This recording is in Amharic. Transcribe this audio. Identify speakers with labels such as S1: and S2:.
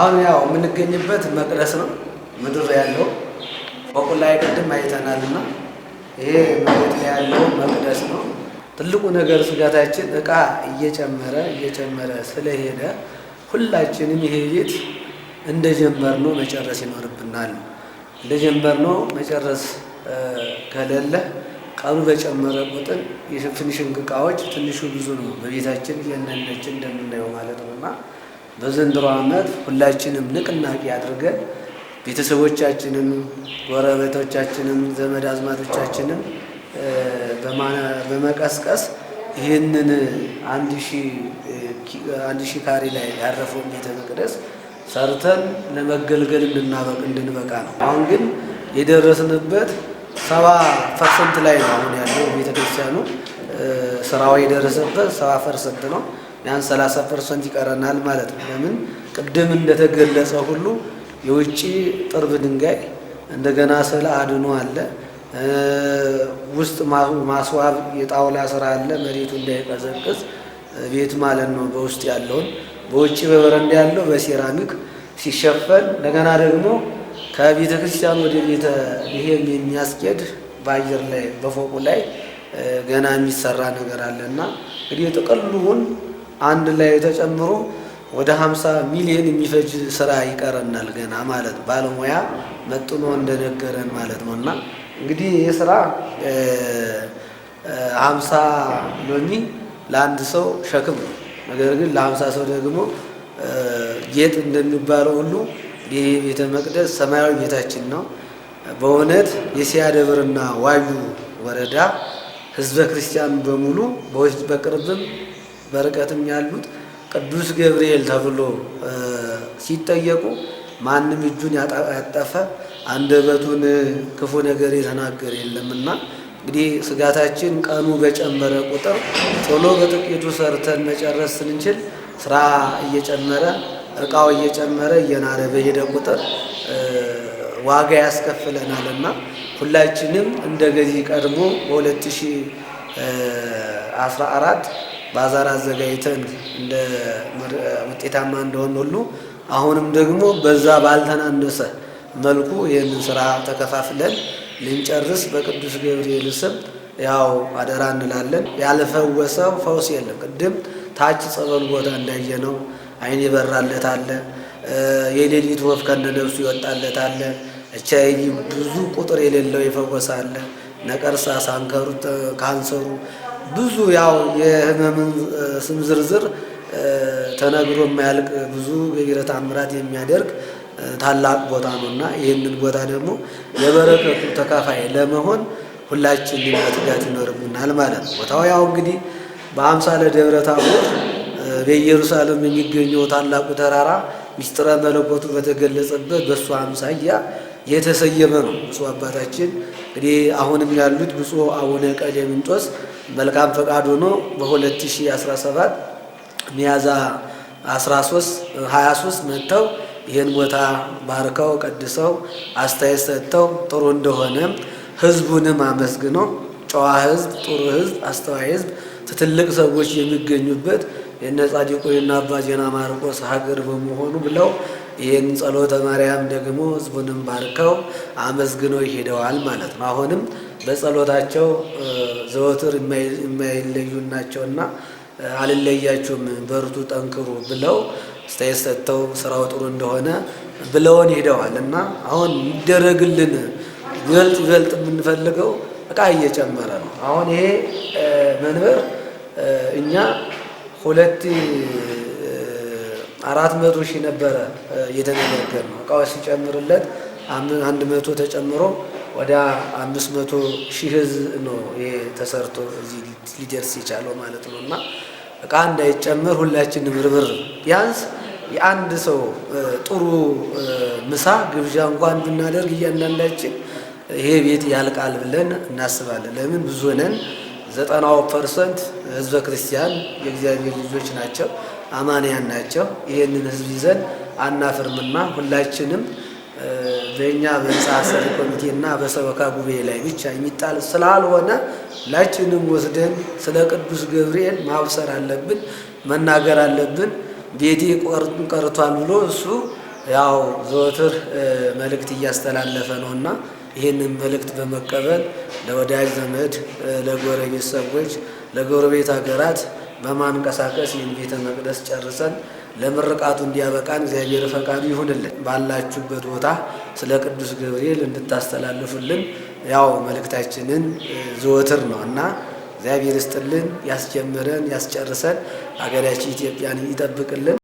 S1: አሁን ያው የምንገኝበት መቅደስ ነው ምድር ያለው ፎቁ ላይ ቅድም አይተናል እና ይሄ መሬት ላይ ያለው መቅደስ ነው። ትልቁ ነገር ስጋታችን እቃ እየጨመረ እየጨመረ ስለሄደ ሁላችንም ይሄ ቤት እንደጀመርነው መጨረስ ይኖርብናል። እንደጀመርነው መጨረስ ከሌለ ቀኑ በጨመረ ቁጥር የፊኒሽንግ እቃዎች ትንሹ ብዙ ነው በቤታችን እያንዳንዳችን እንደምናየው ማለት ነው እና በዘንድሮ ዓመት ሁላችንም ንቅናቄ አድርገን ቤተሰቦቻችንም ጎረቤቶቻችንም ዘመድ አዝማቶቻችንም በመቀስቀስ ይህንን አንድ ሺህ ካሬ ላይ ያረፈውን ቤተ መቅደስ ሰርተን ለመገልገል እንድንበቃ ነው። አሁን ግን የደረስንበት ሰባ ፐርሰንት ላይ ነው አሁን ያለው ቤተክርስቲያኑ ስራው የደረሰበት ሰባ ፐርሰንት ነው። ቢያንስ 30 ፐርሰንት ይቀረናል ማለት ነው። ለምን ቅድም እንደተገለጸ ሁሉ የውጭ ጥርብ ድንጋይ እንደገና ስለ አድኖ አለ፣ ውስጥ ማስዋብ የጣውላ ስራ አለ፣ መሬቱ እንዳይቀዘቅዝ ቤት ማለት ነው። በውስጥ ያለውን በውጭ በበረንዳ ያለው በሴራሚክ ሲሸፈን እንደገና ደግሞ ከቤተ ክርስቲያን ወደ ቤተ ይሄም የሚያስኬድ በአየር ላይ በፎቁ ላይ ገና የሚሰራ ነገር አለና እንግዲህ ጥቅሉን አንድ ላይ ተጨምሮ ወደ 50 ሚሊዮን የሚፈጅ ስራ ይቀረናል ገና ማለት ባለሙያ መጥኖ እንደነገረን ማለት ነው። እና እንግዲህ ይህ ስራ 50 ሎሚ ለአንድ ሰው ሸክም ነው። ነገር ግን ለሀምሳ ሰው ደግሞ ጌጥ እንደሚባለው ሁሉ ይህ ቤተ መቅደስ ሰማያዊ ቤታችን ነው። በእውነት የሲያ ደብርና ዋዩ ወረዳ ህዝበ ክርስቲያን በሙሉ በውስጥ በቅርብም በርቀትም ያሉት ቅዱስ ገብርኤል ተብሎ ሲጠየቁ ማንም እጁን ያጠፈ አንደበቱን ክፉ ነገር የተናገረ የለምና እንግዲህ ስጋታችን ቀኑ በጨመረ ቁጥር ቶሎ በጥቂቱ ሰርተን መጨረስ ስንችል ስራ እየጨመረ እቃው እየጨመረ እየናረ በሄደ ቁጥር ዋጋ ያስከፍለናል እና ሁላችንም እንደ ቀድሞ በ2014 ባዛር አዘጋጅተን እንደ ውጤታማ እንደሆን ሁሉ አሁንም ደግሞ በዛ ባልተናነሰ መልኩ ይህንን ስራ ተከፋፍለን ልንጨርስ በቅዱስ ገብርኤል ስም ያው አደራ እንላለን። ያልፈወሰው ፈውስ የለም። ቅድም ታች ጸበል ቦታ እንዳየነው አይን ይበራለት አለ፣ የሌሊት ወፍ ከነ ይወጣለት አለ፣ ኤች አይ ቪ ብዙ ቁጥር የሌለው ይፈወሳል፣ ነቀርሳ፣ ሳንከሩ፣ ካንሰሩ ብዙ ያው የህመምን ስም ዝርዝር ተነግሮ የማያልቅ ብዙ ገቢረ ተአምራት የሚያደርግ ታላቅ ቦታ ነው እና ይህንን ቦታ ደግሞ የበረከቱ ተካፋይ ለመሆን ሁላችን መትጋት ይኖርብናል ማለት ነው። ቦታው ያው እንግዲህ በአምሳለ ደብረ ታቦር በኢየሩሳሌም የሚገኘው ታላቁ ተራራ ሚስጥረ መለኮቱ በተገለጸበት በእሱ አምሳያ የተሰየመ ነው። ብፁዕ አባታችን እንግዲህ አሁንም ያሉት ብፁዕ አቡነ ቀሌምንጦስ መልካም ፈቃድ ሆኖ በ2017 ሚያዝያ 13 23 መጥተው ይህን ቦታ ባርከው ቀድሰው አስተያየት ሰጥተው ጥሩ እንደሆነ ህዝቡንም አመስግነው ጨዋ ህዝብ፣ ጥሩ ህዝብ፣ አስተዋይ ህዝብ፣ ትትልቅ ሰዎች የሚገኙበት የነ ጻድቁ የና አባ ዜና ማርቆስ ሀገር በመሆኑ ብለው ይህን ጸሎተ ማርያም ደግሞ ህዝቡንም ባርከው አመስግነው ይሄደዋል ማለት ነው። አሁንም በጸሎታቸው ዘወትር የማይለዩ ናቸውና አልለያችሁም፣ በርቱ፣ ጠንክሩ ብለው አስተያየት ሰጥተው ስራው ጥሩ እንደሆነ ብለውን ሄደዋል እና አሁን ይደረግልን ይበልጥ ይበልጥ የምንፈልገው እቃ እየጨመረ ነው። አሁን ይሄ መንበር እኛ ሁለት አራት መቶ ሺህ ነበረ እየተነጋገር ነው። እቃዎች ሲጨምርለት አንድ መቶ ተጨምሮ ወደ አምስት መቶ ሺህ ህዝብ ነው ይሄ ተሰርቶ እዚህ ሊደርስ የቻለው ማለት ነው። እና እቃ እንዳይጨምር ሁላችንም ርብር ቢያንስ የአንድ ሰው ጥሩ ምሳ ግብዣ እንኳን ብናደርግ እያንዳንዳችን ይሄ ቤት ያልቃል ብለን እናስባለን። ለምን ብዙ ነን። ዘጠናው ፐርሰንት ህዝበ ክርስቲያን የእግዚአብሔር ልጆች ናቸው፣ አማንያን ናቸው። ይህንን ህዝብ ይዘን አናፍርምና ሁላችንም በእኛ በህንፃ ሰሪ ኮሚቴና በሰበካ ጉባኤ ላይ ብቻ የሚጣል ስላልሆነ ላችንም ወስደን ስለ ቅዱስ ገብርኤል ማብሰር አለብን፣ መናገር አለብን። ቤቴ ቀርቷል ብሎ እሱ ያው ዘወትር መልእክት እያስተላለፈ ነው እና ይህንን መልእክት በመቀበል ለወዳጅ ዘመድ፣ ለጎረቤት ሰዎች፣ ለጎረቤት ሀገራት በማንቀሳቀስ ይህን ቤተ መቅደስ ጨርሰን ለምርቃቱ እንዲያበቃን እግዚአብሔር ፈቃዱ ይሁንልን። ባላችሁበት ቦታ ስለ ቅዱስ ገብርኤል እንድታስተላልፉልን ያው መልእክታችንን ዘወትር ነው እና እግዚአብሔር ይስጥልን፣ ያስጀምረን፣ ያስጨርሰን፣ ሀገራችን ኢትዮጵያን ይጠብቅልን።